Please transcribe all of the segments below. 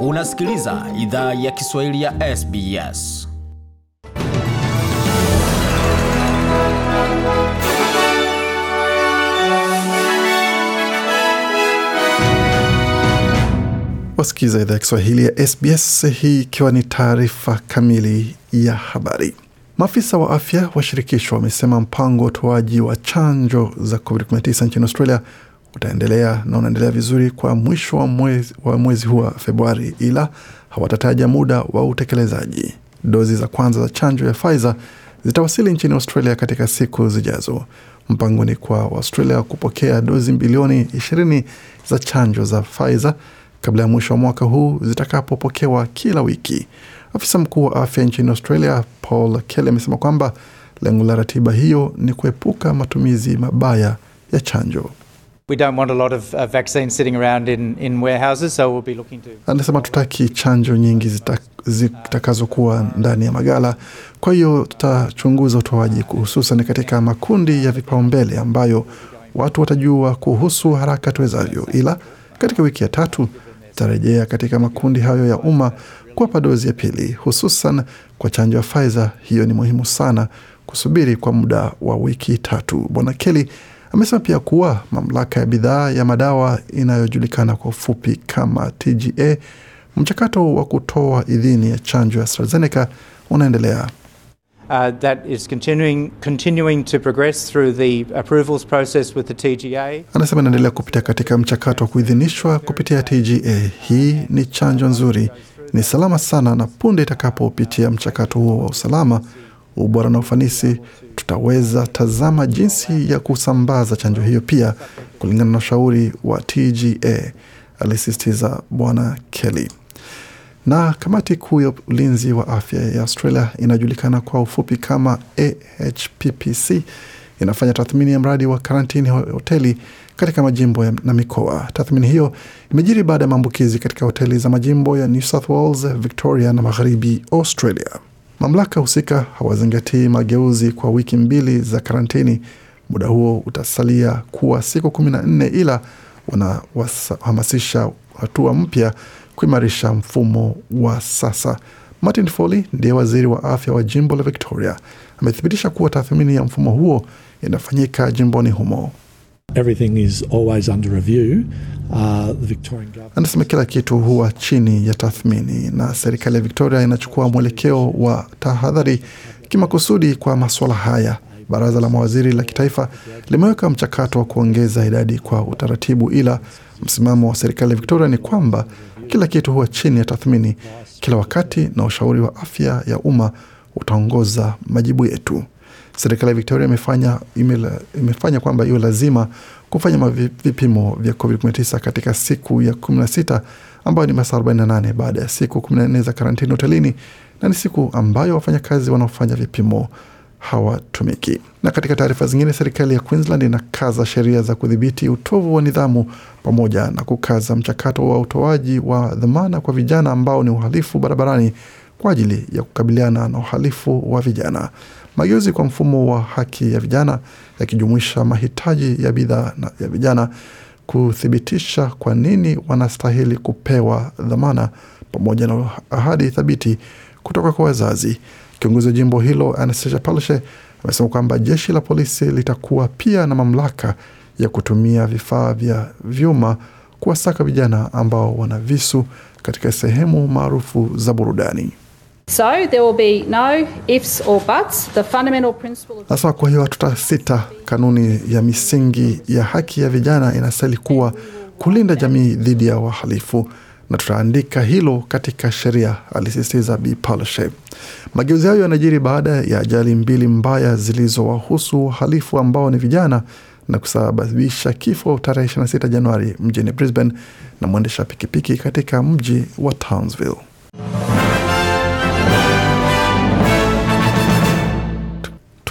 Unasikiliza idhaa ya Kiswahili ya SBS. Wasikiliza idhaa ya Kiswahili ya SBS, hii ikiwa ni taarifa kamili ya habari. Maafisa wa afya wa shirikisho wamesema mpango wa utoaji wa chanjo za COVID-19 nchini Australia utaendelea na unaendelea vizuri kwa mwisho wa mwezi, wa mwezi huu wa Februari, ila hawatataja muda wa utekelezaji. Dozi za kwanza za chanjo ya Pfizer zitawasili nchini Australia katika siku zijazo. Mpango ni kwa Australia kupokea dozi bilioni 20 za chanjo za Pfizer kabla ya mwisho wa mwaka huu zitakapopokewa kila wiki. Afisa mkuu wa afya nchini Australia Paul Kelly amesema kwamba lengo la ratiba hiyo ni kuepuka matumizi mabaya ya chanjo. Anasema uh, tutaki chanjo nyingi zitakazokuwa ndani ya magala. Kwa hiyo tutachunguza utoaji, hususan katika makundi ya vipaumbele ambayo watu watajua kuhusu haraka tuwezavyo, ila katika wiki ya tatu tutarejea katika makundi hayo ya umma kuwapa dozi ya pili, hususan kwa chanjo ya Pfizer. Hiyo ni muhimu sana kusubiri kwa muda wa wiki tatu. Bwana Kelly Amesema pia kuwa mamlaka ya bidhaa ya madawa inayojulikana kwa ufupi kama TGA, mchakato wa kutoa idhini ya chanjo ya AstraZeneca unaendelea. Uh, that is continuing, continuing to progress through the approvals process with the TGA. Anasema inaendelea kupitia katika mchakato wa kuidhinishwa kupitia TGA. Hii ni chanjo nzuri, ni salama sana, na punde itakapopitia mchakato huo wa usalama ubora na ufanisi, tutaweza tazama jinsi ya kusambaza chanjo hiyo pia kulingana na ushauri wa TGA, alisisitiza Bwana Kelly. Na kamati kuu ya ulinzi wa afya ya Australia inajulikana kwa ufupi kama AHPPC inafanya tathmini ya mradi wa karantini hoteli katika majimbo ya na mikoa. Tathmini hiyo imejiri baada ya maambukizi katika hoteli za majimbo ya New South Wales, Victoria na magharibi Australia. Mamlaka husika hawazingatii mageuzi kwa wiki mbili za karantini. Muda huo utasalia kuwa siku kumi na nne ila wanahamasisha hatua mpya kuimarisha mfumo wa sasa. Martin Foley ndiye waziri wa afya wa jimbo la Victoria amethibitisha kuwa tathmini ya mfumo huo inafanyika jimboni humo. Uh, Anasema kila kitu huwa chini ya tathmini na serikali ya Victoria inachukua mwelekeo wa tahadhari kimakusudi kwa masuala haya. Baraza la mawaziri la kitaifa limeweka mchakato wa kuongeza idadi kwa utaratibu, ila msimamo wa serikali ya Victoria ni kwamba kila kitu huwa chini ya tathmini kila wakati na ushauri wa afya ya umma utaongoza majibu yetu. Serikali ya Victoria imefanya, imefanya kwamba iwe lazima kufanya vipimo vya COVID-19 katika siku ya 16 ambayo ni masaa 48 baada ya siku 14 za karantini hotelini, na ni siku ambayo wafanyakazi wanaofanya vipimo hawatumiki. Na katika taarifa zingine, serikali ya Queensland inakaza sheria za kudhibiti utovu wa nidhamu pamoja na kukaza mchakato wa utoaji wa dhamana kwa vijana ambao ni uhalifu barabarani kwa ajili ya kukabiliana na uhalifu wa vijana. Mageuzi kwa mfumo wa haki ya vijana yakijumuisha mahitaji ya bidhaa ya vijana, kuthibitisha kwa nini wanastahili kupewa dhamana, pamoja na ahadi thabiti kutoka kwa wazazi. Kiongozi wa jimbo hilo Anastasia Palshe amesema kwamba jeshi la polisi litakuwa pia na mamlaka ya kutumia vifaa vya vyuma kuwasaka vijana ambao wana visu katika sehemu maarufu za burudani. So there will be no ifs or buts. The fundamental principle of... Nasema kwa hiyo hatutasita. Kanuni ya misingi ya haki ya vijana inastahili kuwa kulinda jamii dhidi ya wahalifu na tutaandika hilo katika sheria, alisisitiza Bi Mageuzi hayo yanajiri baada ya ajali mbili mbaya zilizowahusu wahalifu ambao ni vijana na kusababisha kifo tarehe 26 Januari mjini Brisbane na mwendesha pikipiki katika mji wa Townsville.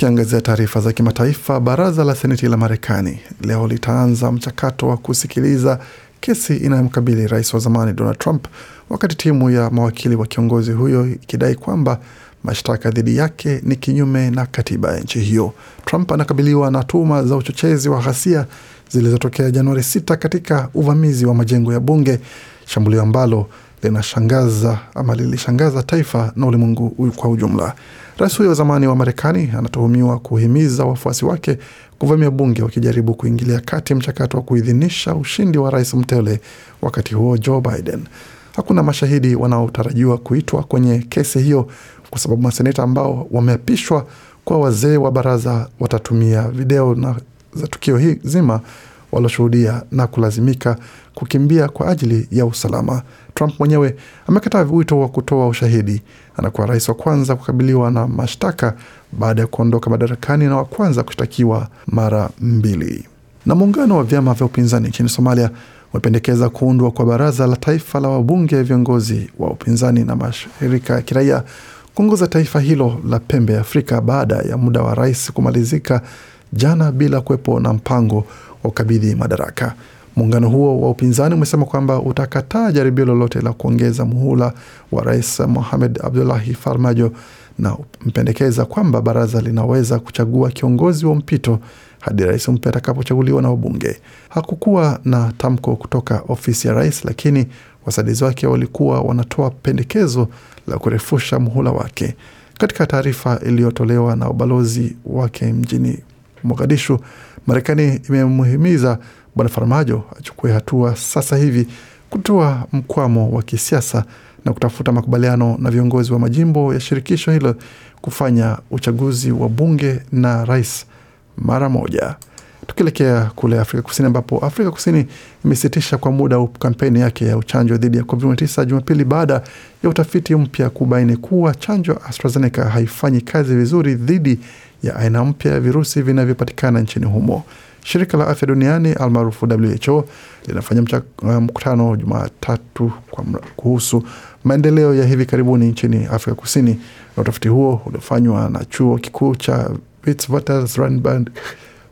Tukiangazia taarifa za kimataifa, baraza la seneti la Marekani leo litaanza mchakato wa kusikiliza kesi inayomkabili rais wa zamani Donald Trump, wakati timu ya mawakili wa kiongozi huyo ikidai kwamba mashtaka dhidi yake ni kinyume na katiba ya nchi hiyo. Trump anakabiliwa na tuhuma za uchochezi wa ghasia zilizotokea Januari 6 katika uvamizi wa majengo ya bunge, shambulio ambalo linashangaza ama lilishangaza taifa na ulimwengu kwa ujumla. Rais huyo wa zamani wa Marekani anatuhumiwa kuhimiza wafuasi wake kuvamia bunge wakijaribu kuingilia kati mchakato wa kuidhinisha ushindi wa rais mteule wakati huo Joe Biden. Hakuna mashahidi wanaotarajiwa kuitwa kwenye kesi hiyo kwa sababu maseneta ambao wameapishwa kwa wazee wa baraza watatumia video na za tukio hii zima walioshuhudia na kulazimika kukimbia kwa ajili ya usalama. Trump mwenyewe amekataa wito wa kutoa ushahidi. Anakuwa rais wa kwanza kukabiliwa na mashtaka baada ya kuondoka madarakani na wa kwanza kushtakiwa mara mbili. Na muungano wa vyama vya upinzani nchini Somalia umependekeza kuundwa kwa baraza la taifa la wabunge, viongozi wa upinzani na mashirika ya kiraia kuongoza taifa hilo la pembe ya Afrika baada ya muda wa rais kumalizika jana bila kuwepo na mpango wakabidhi madaraka. Muungano huo wa upinzani umesema kwamba utakataa jaribio lolote la kuongeza muhula wa rais Mohamed Abdullahi Farmajo na mpendekeza kwamba baraza linaweza kuchagua kiongozi wa mpito hadi rais mpya atakapochaguliwa na wabunge. Hakukuwa na tamko kutoka ofisi ya rais, lakini wasaidizi wake walikuwa wanatoa pendekezo la kurefusha muhula wake. Katika taarifa iliyotolewa na ubalozi wake mjini Mogadishu, Marekani imemhimiza Bwana Farmajo achukue hatua sasa hivi kutoa mkwamo wa kisiasa na kutafuta makubaliano na viongozi wa majimbo ya shirikisho hilo kufanya uchaguzi wa bunge na rais mara moja. Tukielekea kule Afrika Kusini, ambapo Afrika Kusini imesitisha kwa muda kampeni yake ya uchanjo dhidi ya COVID-19 Jumapili baada ya utafiti mpya kubaini kuwa chanjo AstraZeneca haifanyi kazi vizuri dhidi ya aina mpya ya virusi vinavyopatikana nchini humo. Shirika la afya duniani almaarufu WHO linafanya uh, mkutano Jumatatu kuhusu maendeleo ya hivi karibuni nchini Afrika Kusini, na utafiti huo uliofanywa na chuo kikuu cha Witwatersrand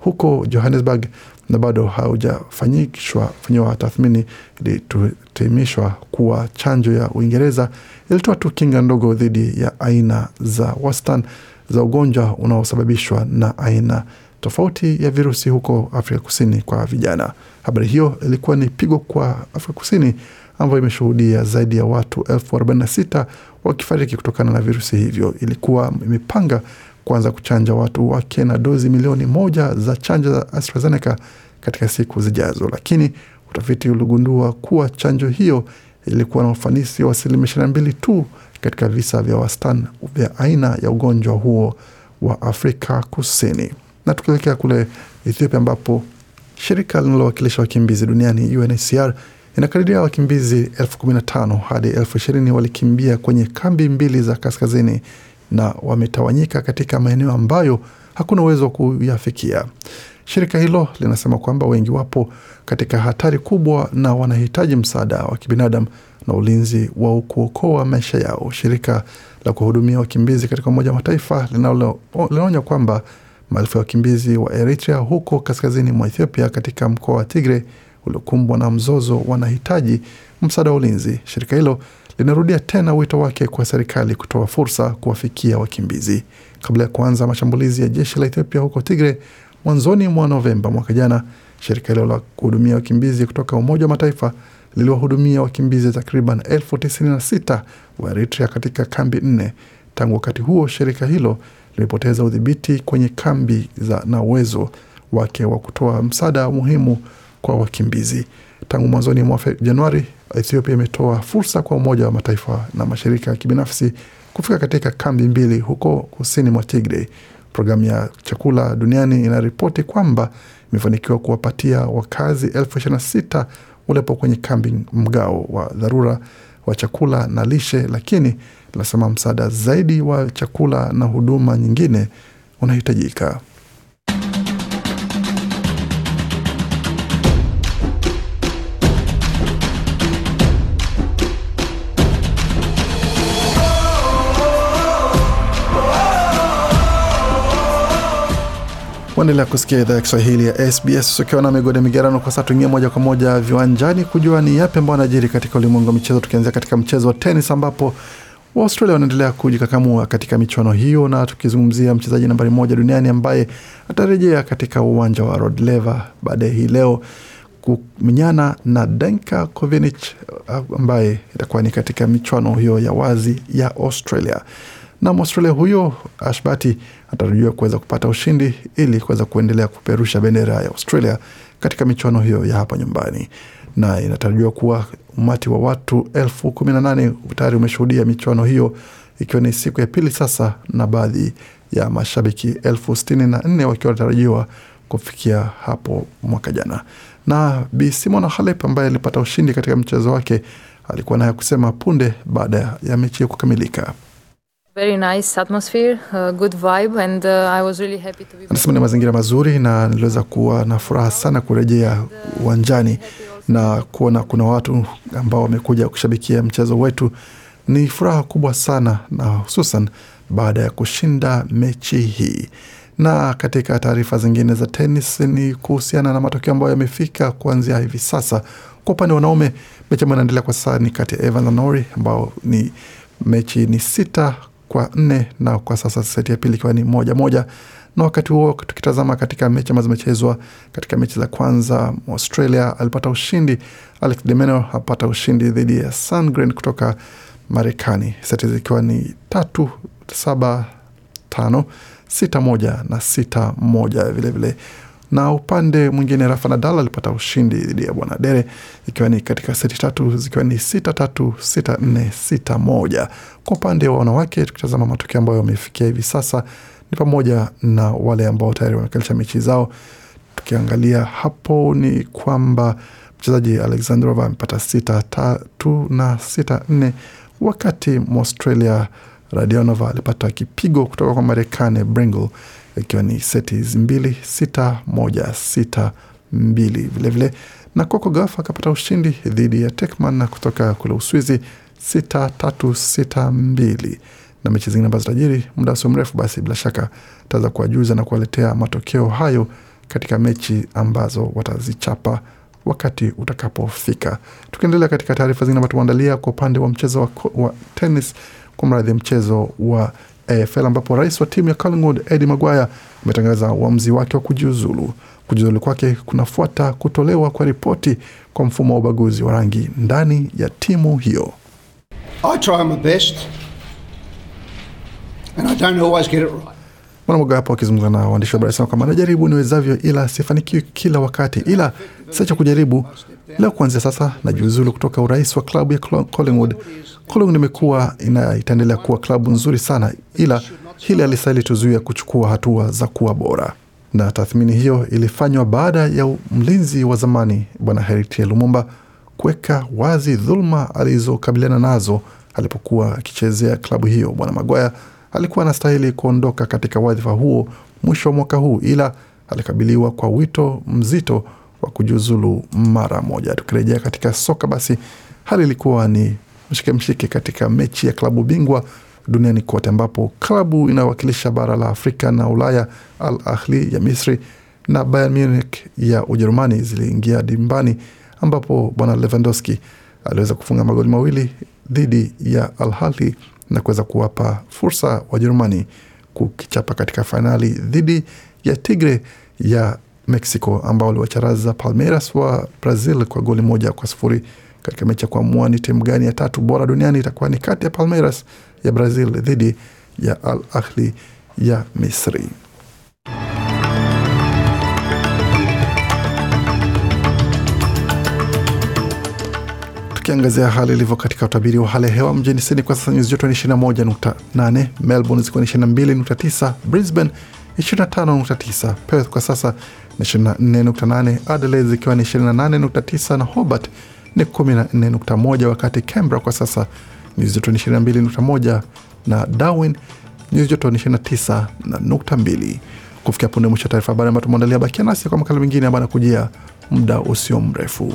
huko Johannesburg na bado haujafanyiwa tathmini, ilitutimishwa kuwa chanjo ya Uingereza ilitoa tu kinga ndogo dhidi ya aina za wastani za ugonjwa unaosababishwa na aina tofauti ya virusi huko Afrika Kusini kwa vijana. Habari hiyo ilikuwa ni pigo kwa Afrika Kusini ambayo imeshuhudia zaidi ya watu elfu 46 wakifariki kutokana na virusi hivyo. Ilikuwa imepanga kuanza kuchanja watu wake na dozi milioni moja za chanjo za AstraZeneca katika siku zijazo, lakini utafiti uligundua kuwa chanjo hiyo ilikuwa na ufanisi wa asilimia 22 tu katika visa vya wastani vya aina ya ugonjwa huo wa Afrika Kusini. Na tukielekea kule Ethiopia, ambapo shirika linalowakilisha wakimbizi duniani UNHCR inakadiria wakimbizi elfu kumi na tano hadi elfu ishirini walikimbia kwenye kambi mbili za kaskazini na wametawanyika katika maeneo ambayo hakuna uwezo wa kuyafikia. Shirika hilo linasema kwamba wengi wapo katika hatari kubwa na wanahitaji msaada wa kibinadamu na ulinzi wa kuokoa maisha yao. Shirika la kuhudumia wakimbizi katika Umoja wa Mataifa linaonya kwamba maelfu ya wakimbizi wa Eritrea huko kaskazini mwa Ethiopia katika mkoa wa Tigre uliokumbwa na mzozo wanahitaji msaada wa ulinzi. Shirika hilo linarudia tena wito wake kwa serikali kutoa fursa kuwafikia wakimbizi. Kabla ya kuanza mashambulizi ya jeshi la Ethiopia huko Tigre mwanzoni mwa Novemba mwaka jana, shirika hilo la kuhudumia wakimbizi kutoka Umoja wa Mataifa liliwahudumia wakimbizi takriban elfu tisini na sita wa Eritrea katika kambi nne. Tangu wakati huo, shirika hilo limepoteza udhibiti kwenye kambi za na uwezo wake wa kutoa msaada muhimu kwa wakimbizi. Tangu mwanzoni mwa Januari, Ethiopia imetoa fursa kwa Umoja wa Mataifa na mashirika ya kibinafsi kufika katika kambi mbili huko kusini mwa Tigray. Programu ya chakula duniani inaripoti kwamba imefanikiwa kuwapatia wakazi elfu ishirini na sita ulepo kwenye kambi mgao wa dharura wa chakula na lishe, lakini linasema msaada zaidi wa chakula na huduma nyingine unahitajika. Waendelea kusikia idhaa ya Kiswahili ya SBS ukiwa na migode migerano. Kwa sasa tuingie moja kwa moja viwanjani kujua ni yapi ambayo anajiri katika ulimwengu wa michezo, tukianzia katika mchezo wa tenis ambapo Waustralia wanaendelea kujikakamua katika michuano hiyo, na tukizungumzia mchezaji nambari moja duniani ambaye atarejea katika uwanja wa Rod Laver baadaye hii leo kumenyana na Denka Kovinich ambaye itakuwa ni katika michuano hiyo ya wazi ya Australia na Mwaustralia huyo Ashbati anatarajiwa kuweza kupata ushindi ili kuweza kuendelea kupeperusha bendera ya Australia katika michuano hiyo ya hapa nyumbani, na inatarajiwa kuwa umati wa watu elfu kumi na nane tayari umeshuhudia michuano hiyo ikiwa ni siku ya pili sasa, na baadhi ya mashabiki elfu sitini na nne wakiwa wanatarajiwa kufikia hapo mwaka jana. Na Bi Simona Halep ambaye alipata ushindi katika mchezo wake alikuwa naye kusema punde baada ya mechi kukamilika. Anasema uh, uh, ni mazingira mazuri na niliweza kuwa na furaha sana kurejea uwanjani na kuona kuna watu ambao wamekuja kushabikia mchezo wetu. Ni furaha kubwa sana na hususan baada ya kushinda mechi hii. Na katika taarifa zingine za tenis ni kuhusiana na matokeo ambayo yamefika kuanzia hivi sasa. Kwa upande wa wanaume, mechi ambayo inaendelea kwa sasa ni kati ya Evans na Norrie ambao ni mechi ni sita kwa nne na kwa sasa seti ya pili ikiwa ni moja moja na wakati huo tukitazama katika mechi ambazo zimechezwa katika mechi za kwanza, Australia alipata ushindi, Alex de Minaur apata ushindi dhidi ya Sandgren kutoka Marekani, seti zikiwa ni tatu saba tano sita moja na sita moja vilevile vile. Na upande mwingine Rafa Nadal alipata ushindi dhidi ya Bwana Dere ikiwa ni katika seti tatu zikiwa ni sita tatu sita nne sita moja. Kwa upande wa wanawake, tukitazama matokeo ambayo wamefikia hivi sasa ni pamoja na wale ambao tayari wamekalisha mechi zao. Tukiangalia hapo ni kwamba mchezaji Alexandrova amepata sita tatu na sita nne, wakati Mwaustralia Radionova alipata kipigo kutoka kwa Marekani Bringle ikiwa ni seti hizi mbili sita moja sita mbili. Vilevile na Coco Gauff akapata ushindi dhidi ya Tekman kutoka kule Uswizi sita tatu sita mbili na mechi zingine ambazo tajiri muda sio mrefu, basi bila shaka taweza kuwajuza na kuwaletea matokeo hayo katika mechi ambazo watazichapa wakati utakapofika. Tukiendelea katika taarifa zingine ambazo tumeandalia kwa upande wa mchezo wa, wa tenis, kwa mradhi mchezo wa AFL ambapo rais wa timu ya Collingwood Eddie Maguire ametangaza uamuzi wake wa kujiuzulu. Kujiuzulu kwake kunafuata kutolewa kwa ripoti kwa mfumo wa ubaguzi wa rangi ndani ya timu hiyo. I try my best and I don't always get it right. Bwana hapo akizungumza na waandishi wa habari sema kwamba najaribu niwezavyo, ila sifanikiwi kila wakati, ila siacha kujaribu. Leo kuanzia sasa najiuzulu kutoka urais wa klabu ya Collingwood. Collingwood imekuwa itaendelea kuwa klabu nzuri sana, ila hili alistahili tuzuia kuchukua hatua za kuwa bora na tathmini hiyo ilifanywa baada ya mlinzi wa zamani Bwana Heritier Lumumba kuweka wazi dhuluma alizokabiliana nazo alipokuwa akichezea klabu hiyo. Bwana Magwaya alikuwa anastahili kuondoka katika wadhifa huo mwisho wa mwaka huu, ila alikabiliwa kwa wito mzito wa kujiuzulu mara moja. Tukirejea katika soka, basi hali ilikuwa ni mshike mshike katika mechi ya klabu bingwa duniani kote, ambapo klabu inayowakilisha bara la Afrika na Ulaya Al Ahli ya Misri na Bayern Munich ya Ujerumani ziliingia dimbani, ambapo bwana Lewandowski aliweza kufunga magoli mawili dhidi ya Al Ahli na kuweza kuwapa fursa Wajerumani kukichapa katika fainali dhidi ya Tigre ya Mexico ambao waliwacharaza Palmeiras wa Brazil kwa goli moja kwa sufuri katika mechi ya kuamua ni timu gani ya tatu bora duniani itakuwa ni kati ya Palmeiras ya Brazil dhidi ya Al Ahli ya Misri. tukiangazia hali ilivyo katika utabiri wa hali ya hewa mjini Sydney kwa sasa nyuzi joto ni 21.8, Melbourne zikiwa ni 22.9, Brisbane 25.9, Perth kwa sasa ni 24.8, Adelaide zikiwa ni 28.9 na Hobart ni 14.1, wakati Canberra kwa sasa nyuzi joto ni 22.1 na Darwin nyuzi joto ni 29.2. Kufikia punde mwisho taarifa habari ambayo tumeandalia, bakia nasi kwa makala mengine ambayo anakujia muda usio mrefu.